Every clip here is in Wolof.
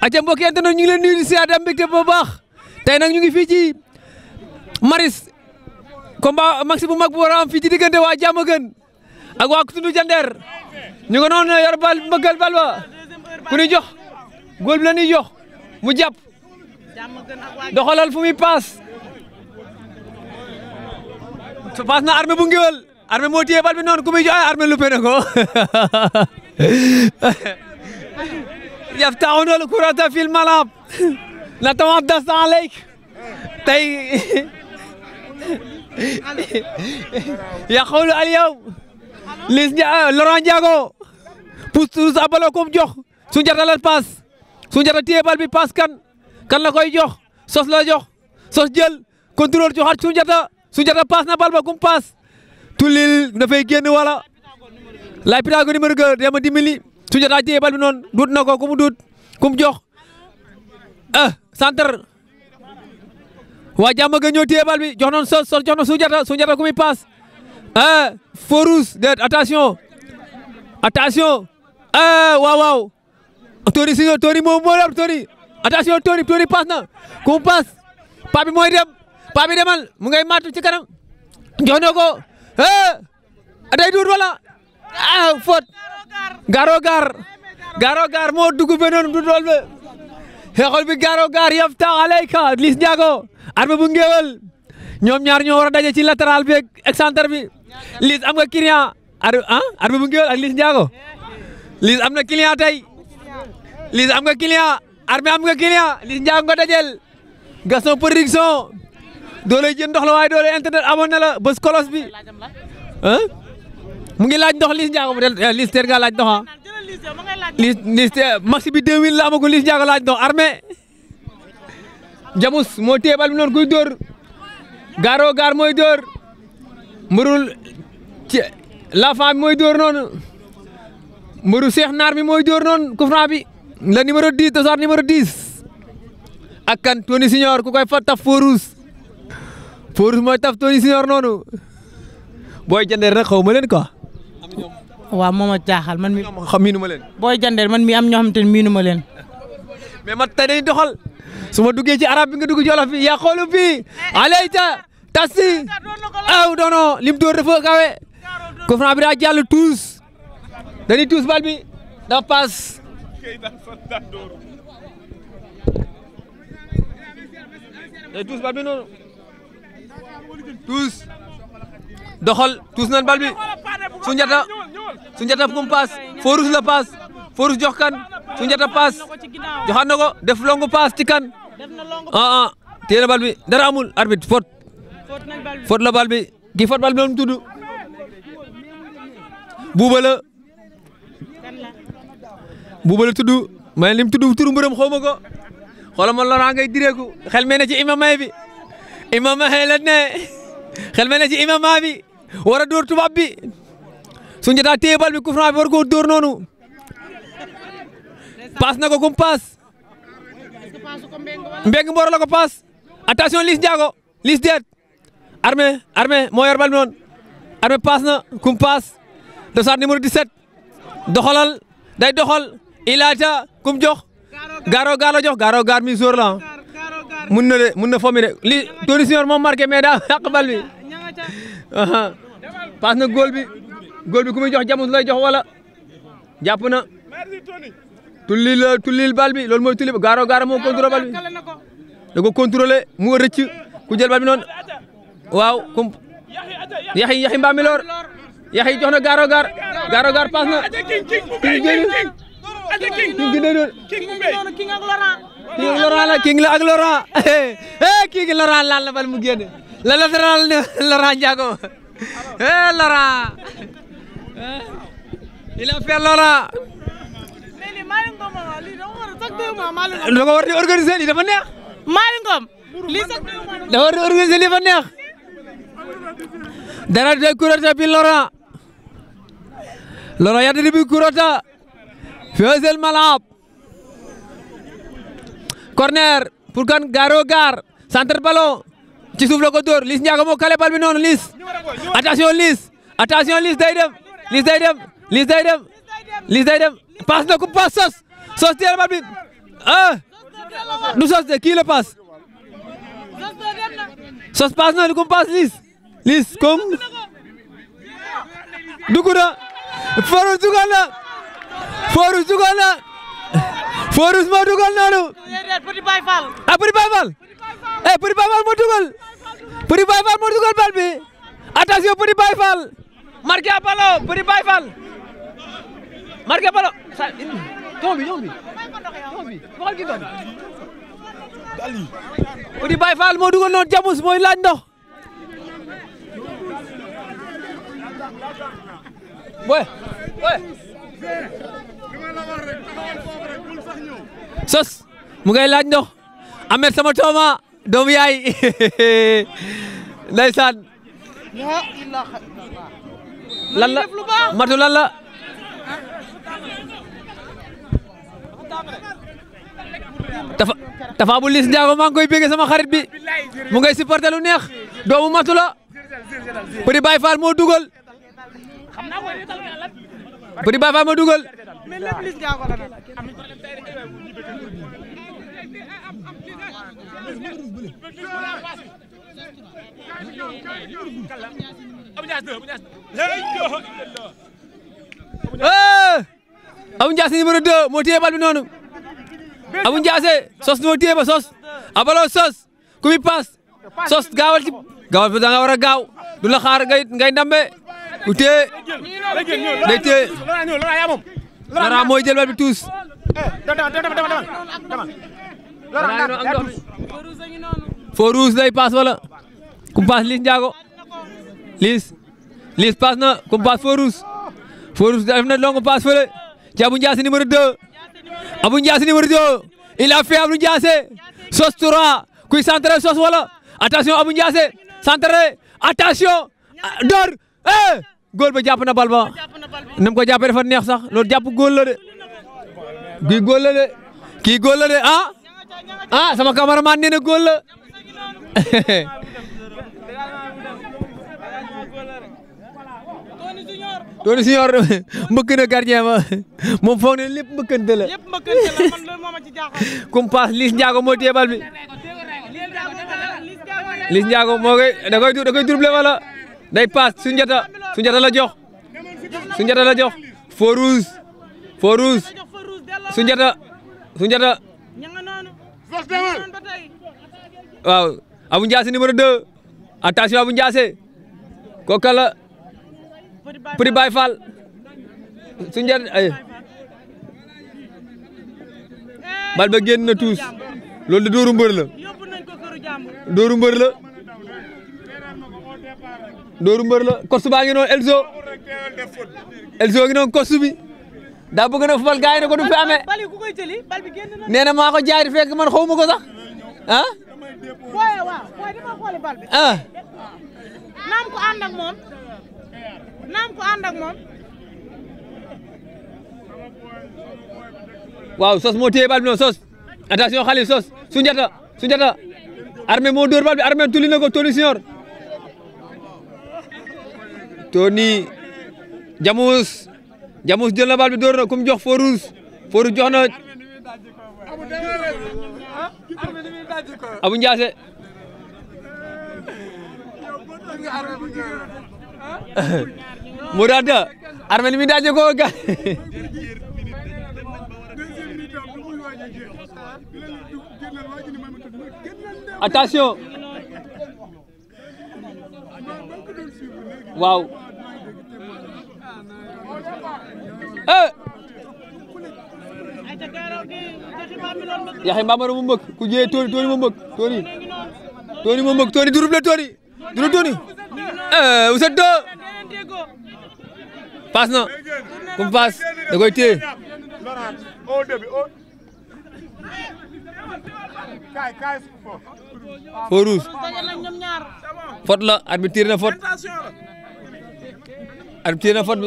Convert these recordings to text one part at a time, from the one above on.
aca mbokk yi ñu ngi leen nuyu di si Adam mbégte bu baax tey nag ñu ngi fii ci Maris combat maxi bu mag bu war a am ci diggante waa Diamaguène ak waa Koutounou Diender ñu bal mbëggal bal ba ku ñu jox góol bi la mu jàpp doxalal fu muy paas paas na armée bu ngiwal moo téye bal bi noonu ku muy joxe armée ko يفتحون الكرة في الملعب نتحدث عليك تي يقول اليوم لوران جاغو pousse a balo kom jox su njata paas su njata bal bi paas kan kan la koy jox sos la jox sos jël contrôle joxaat su njata su paas na bal ba kum paas tulil dafay génn wala lay pitaago numéro 2 dama dimbali Soundiata téye bal bi noonu duut na ko ku mu duut ku mu jox ah centre waa jàmm ga ñëw téye bal bi jox noonu sos sos jox na Soundiata Soundiata ku muy paas ah Forous déet attention attention ah waaw waaw Tori si nga Tori moom moo na ku mu paas bi mooy dem paa bi demal mu ngay matu ci kanam jox na ko ah day duut wala ah, Garo Gare Garo Gare moo dugg beneen du dool be xeexol bi Garo Gare yafta alayka Liss Ndiago arme bu ngeewal ñoom ñaar ñoo war a daje ci latéral bi ak bi Liss am nga client ah bu ngeewal ak Liss Ndiago Liss am na client tey Liss am nga client arme am nga client Liss Ndiago nga dajel Gaston Production doole jën ndox la waaye doole internet amoon na la bés kolos bi ah mu ngi laaj ndox Liss Ndiago bu del Liss Ndiago nga laaj ndox ah. Liss Liss maxi bi 2000 la amagul Liss Ndiago laaj ndox armée Jamus moo téye bal bi noonu kuy dóor gaaroo gaar mooy dóor mburul ci la femme mooy dóor noonu mburu Cheikh Naar bi mooy dóor noonu coup franc bi la numéro 10 dosaar numéro 10 ak kan Tony Senior ku koy fa taf Fourouz Fourouz mooy taf Tony Senior noonu booy jëndee rek xaw ma leen waaw moo ma jaaxal man mi xam miinu ma leen. booy jandeer man mi am ñoo xam te ne miinu ma leen. mais man tey dañuy doxal su ma duggee ci arab bi nga dugg jolof bi yaa xoolu bi alayta tasi aw doono lim dóor dafa kawe ko fran bi daa jàll tuus dañuy tuus bal da paas day tuus bal bi noonu tuus doxal tuus nan bal Sunjata Sunjata kum paas Forus la paas Forus jox Sunjata paas joxaat na ko def long paas ci kan ah ah téye na bal bi dara amul arbitre fot fot la bal ki fot bal bi noonu tudd buuba la buuba la tudd may lim tudd turu mbërëm direeku xel mel ne ci imamay bi imamay la ne xel mel ne ci imama bi war dóor tubaab Sunjata téye bal bi coup bi war koo dóor noonu paas na ko kum paas Mbengue Mboro la ko paas attention Liss Ndiago Liss deet Armé Armé moo yor bal bi noonu kum paas dosaat numéro 17 doxalal day doxal ilaata kum jox gaaro gaaro jox gaaro gaar mi sóor la mun de mun na fommi de li Tony moom marqué mais daa yàq bal bi paas góor bi ku muy jox jamut lay jox wala jàpp na tullil tullil bal bi loolu mooy tullil gaaro gaaro moo contrôlé bal bi da ko contrôlé mu rëcc ku jël bal bi noonu waaw kum yaxi yaxi mbaam mi loor yaxi jox na gaaro gaar gaaro gaar paas na king génn king génn doon king ak Laurent la king la ak Laurent eh king Laurent laal na bal mu génn la latéral Laurent Ndiago eh Laurent Eh? il a fait loola. léegi Malick Ngom waaw ah, lii da nga war a sax deux mois di organiser lii dafa neex. Malick lii sax war di organiser lii dafa neex. dara de kurata bi Laurent. Laurent yàlla bi kurata. Feusel Malab. corner pour kan garo gar centre ballon ci suuf la ko dóor Liss Ndiago kale bal bi noonu Liss attention Liss attention Liss day dem. Liss day dem Liss day dem day dem paas na ko paas sos sos teel bat bi ah. du sos de kii paas sos paas na ko paas Liss Liss kom dugg na Foruz na Foruz dugal na Foruz moo dugal noonu Petit Baye Fall ah Petit Baye Fall eh Petit Baye Fall moo dugal Petit Baye Fall moo marqué à ballon Petit Baye Fall marqué à ballon sa tombi tombi jamus mooy laaj ndox boy sos mu ngay laaj ndox Ahmed sama tooma doomu yaay ndeysaan la lan la matu lan la tafa tafa bu lis njaago maa ngi koy béggee sama xarit bi mu ngay supporté lu neex doomu matu la Petit Baye Fall moo dugal Petit Baye Fall moo dugal Abou Ndiassé numéro 2 moo téye bal noonu Abou Ndiassé sos moo téye ba sos abalo sos ku mi sos gaawal gaawal fa da nga a gaaw du la xaar ngay ngay ndambe ku téye day téye Laurent mooy jël tuus Faux rouge day paas wala Kumpaas Liss Ndiago Liss Liss paas na Kumpaas Fourouz Fourouz def na longue passe fële ci Abou Ndiassé numéro 2 Abou Ndiassé numéro 2 il a fait sos tura kuy centré sos wala attention Abou Ndiassé centré attention door eh góol ba jàpp na bal ba nam ko jàppee dafa neex sax loolu jàpp góol la de kii góol la de kii góol la de ah, ah! sama cameraman nee na góol la Tony Junior mbëkk na gardien ba moom foog ne lépp mbëkkante la kum paas Liss Ndiago moo téye bal bi Liss Ndiago moo koy da koy da koy double wala day paas Sunjata Sunjata la jox Sunjata la jox feu rouge feu rouge Sunjata Sunjata waaw Abou Ndiassé numéro 2 attention Abou Ndiassé kooku la Petit Baye Fall su njër ay bal tuus loolu de dóoru mbër la dóoru mbër la dóoru mbër la kostu ngi noonu Elzo Elzo ngi noonu kostu bi na fubal gaay na ko du fi amee nee maa ko jaay fekk man xaw ma sax ah. ah. naam ko ànd moom. waaw sos moo téye bal bi noonu sos attention xale sos Sunjata Sunjata armée moo dóor bal bi armée ko Tony Senior Tony Jamus Jamus jël na bal bi kum jox Forous Forous jox na Abu ah, Ndiasse Modou Anta Armel mi daje waaw eh yaxi mbamara mu mbëkk ku jee tooni tooni mu mbëkk tooni tooni mu mbëkk paas na ku mu paas da koy téye la arbitre na fot arbitre na fot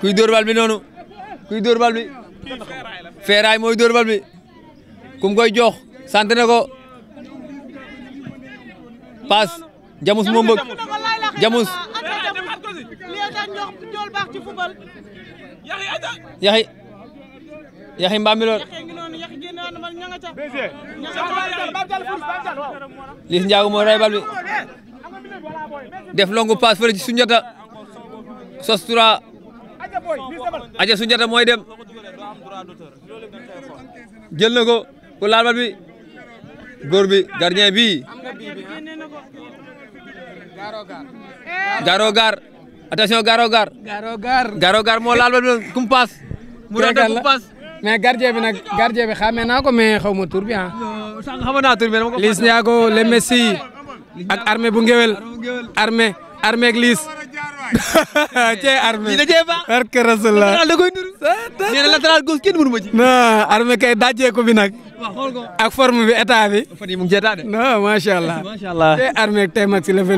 kuy dóor bal bi noonu kuy mooy dóor bal kum koy jox sant na ko paas jamus moo jamus yaxi yaxi mbambiloor Liss Ndiago def longu paas fële ci Sunjata sos tura aja Sunjata mooy dem jël ko ku laal bal góor bi gardien bi Garo Gar attention Garo Gar. kumpas. mu doon def kumpas mais gardien bi nag gardien bi xamee naa ko mais xaw ma tur bi ah. sànq xamoon naa tur bi dama ko. Liss Ndiago cee armé na latéral kay dajee bi nag. ak forme bi état bi. fan yii mu ngi cee non macha allah macha allah tey armé tey mag si le eh,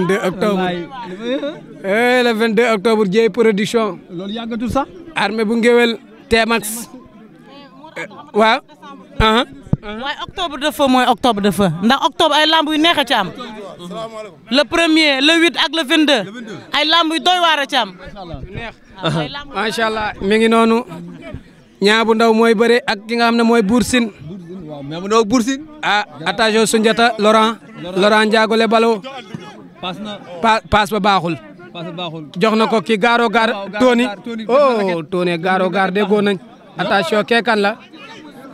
production. loolu yàggatul sax. bu ngéwél tey mag. Eh, waaw. Uh-huh. waaye octobre de feu mooy octobre de feu ndax octobre ay lamb yu neex a ci am premier le huit ak le vingt deux ay lamb yu doy waar a ci am macha allah mi ngi noonu ñaabu ndaw mooy bëre ak ki nga xam ne mooy Bour Sine ñaabu ndaw Bour Sine ah attention Sunjata Laurent Laurent Ndiago le balo paas ba baaxul jox na ko ki gaaro gaar Tony oh gaaro gaar déggoo nañ attention kee kan la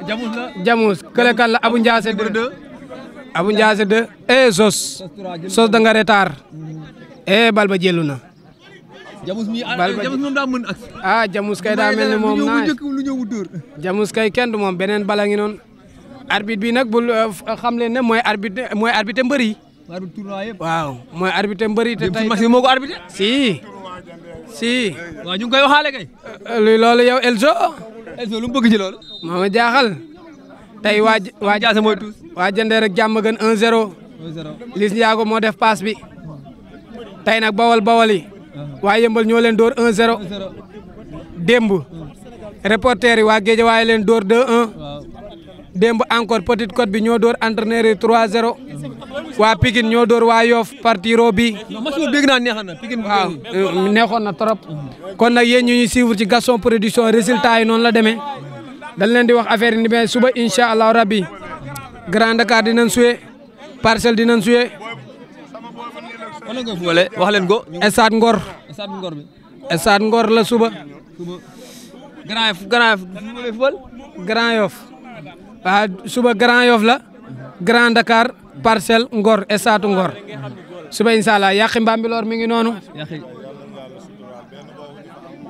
jamus la jamus kële kan la Abu Ndiasse 2. Abu Ndiasse 2 eh sos sos da nga retard eh bal ah jamus kay daa mel ni moom naa jamus kay kenn moom beneen bala ngi noonu. bi nag bul euh, euh, xam leen ne mooy arbitre mooy waaw mooy arbitre mbër te tey match bi moo ko si si. waaw ñu ngi koy waxaale kay. Euh, luy loolu yow Elzo. lu bëgg ci loolu. moo ma jaaxal tey waa waa jaase mooy tuus. waa jëndee rek jàmm gën 1 0. 1 0 moo def paas bi tey nag bawal bawal yi. Uh-huh. waa yëmbal ñoo leen door 1 0. démb uh-huh. reporter yi waa géej waaye leen door 2 1. démb encore Petite Côte bi ñoo door entraîneur yi 3-0 waa Pikine ñoo door waa Yoff partiro bi. dégg naa neexoon na Pikine euh, neexoon na trop. kon nag yéen ñu ñuy suivre ci Gaston Production résultat yi noonu la deme dañ leen di wax affaire yi ni mais suba incha allahu rabbi Grand Dakar dina suyee parcelle dinañ suyee. wax leen ko. Stade Ngor. Stade Ngor la suba. Grand Yoff waaw suba Grand Yoff la Grand Dakar Parcelles Ngor Estatu Ngor suba incha allah yàqi mi ngi noonu.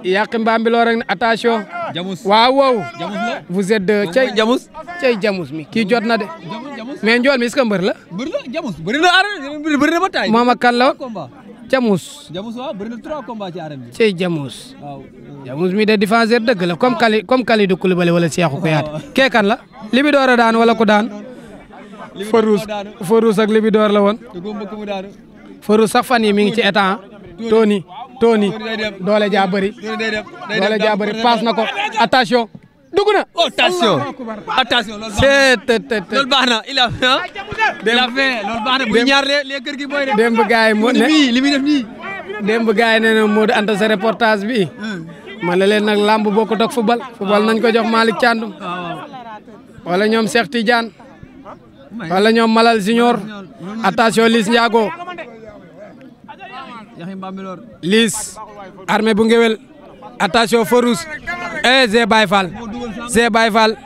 yàqi Mbambilor rek attention. jamus waaw wow. jamus la vous êtes de jamus cey jamus mi kii jot na de. mais njool mi est-ce mbër la. mbër la jamus bëri kan la Jamus. Jamus waaw bëri na trois combats ci arène bi. ci Jamus. waaw Jamus mi de défenseur dëgg la comme Kali comme Kalidou Koulibaly wala Cheikhou Kouyaté. kee kan la Libidor a daan wala ku daan. Farouz Farouz ak Libidor la woon. Farouz sax fan mi ngi ci état Tony Tony doole jaa bëri. doole jaa bëri paas na ko attention. dugg na. Oh, attention attention loolu ñaar les kër gi booy de. démb gars yi moo ne li muy def na Modou Anta sa reportage bi hmm. ma leen nag làmb bokkut ak football. football nañ ko jox Malick Thiandoum. wala ñoom Cheikh Tidiane. wala ñoom Malal Junior. attention Liss Ndiago. Liss. armée bu ngewel attention Forous. eh Zé see Baye Fall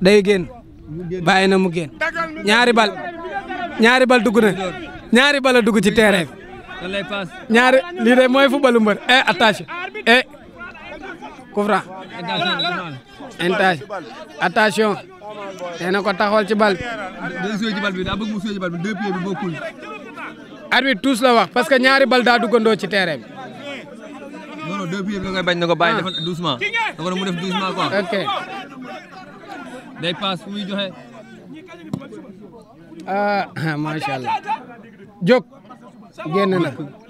day génn bàyyi na mu génn ñaari bal ñaari bal dugg na ñaari bal dugg ci terrain bi ñaari lii mooy footballu mbër eh, eh. attention eh Koufra attention nee na ko taxawal ci bal bi daa bi deux pieds la wax parce que ñaari bal daa duggandoo ci terrain bi non deux pieds bi da ngay bañ na ko bàyyi defal doucement da ah. ko mu def doucement quoi. ok day paas fu muy joxe. ah macha allah jóg génn na.